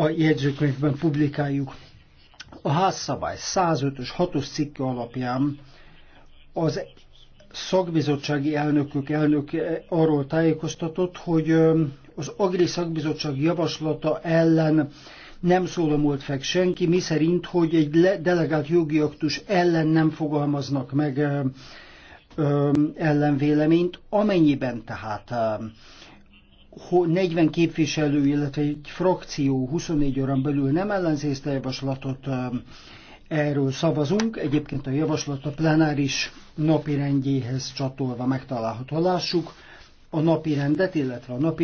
a jegyzőkönyvben publikáljuk. A házszabály 105-ös 6-os cikke alapján az szakbizottsági elnökök elnök eh, arról tájékoztatott, hogy eh, az Agri szakbizottság javaslata ellen nem szólamolt fel senki, mi szerint, hogy egy delegált jogi aktus ellen nem fogalmaznak meg eh, ellenvéleményt, amennyiben tehát 40 képviselő, illetve egy frakció 24 órán belül nem ellenzészt a javaslatot, um, erről szavazunk. Egyébként a javaslat a plenáris napi rendjéhez csatolva megtalálható. Lássuk a napi rendet, illetve a napi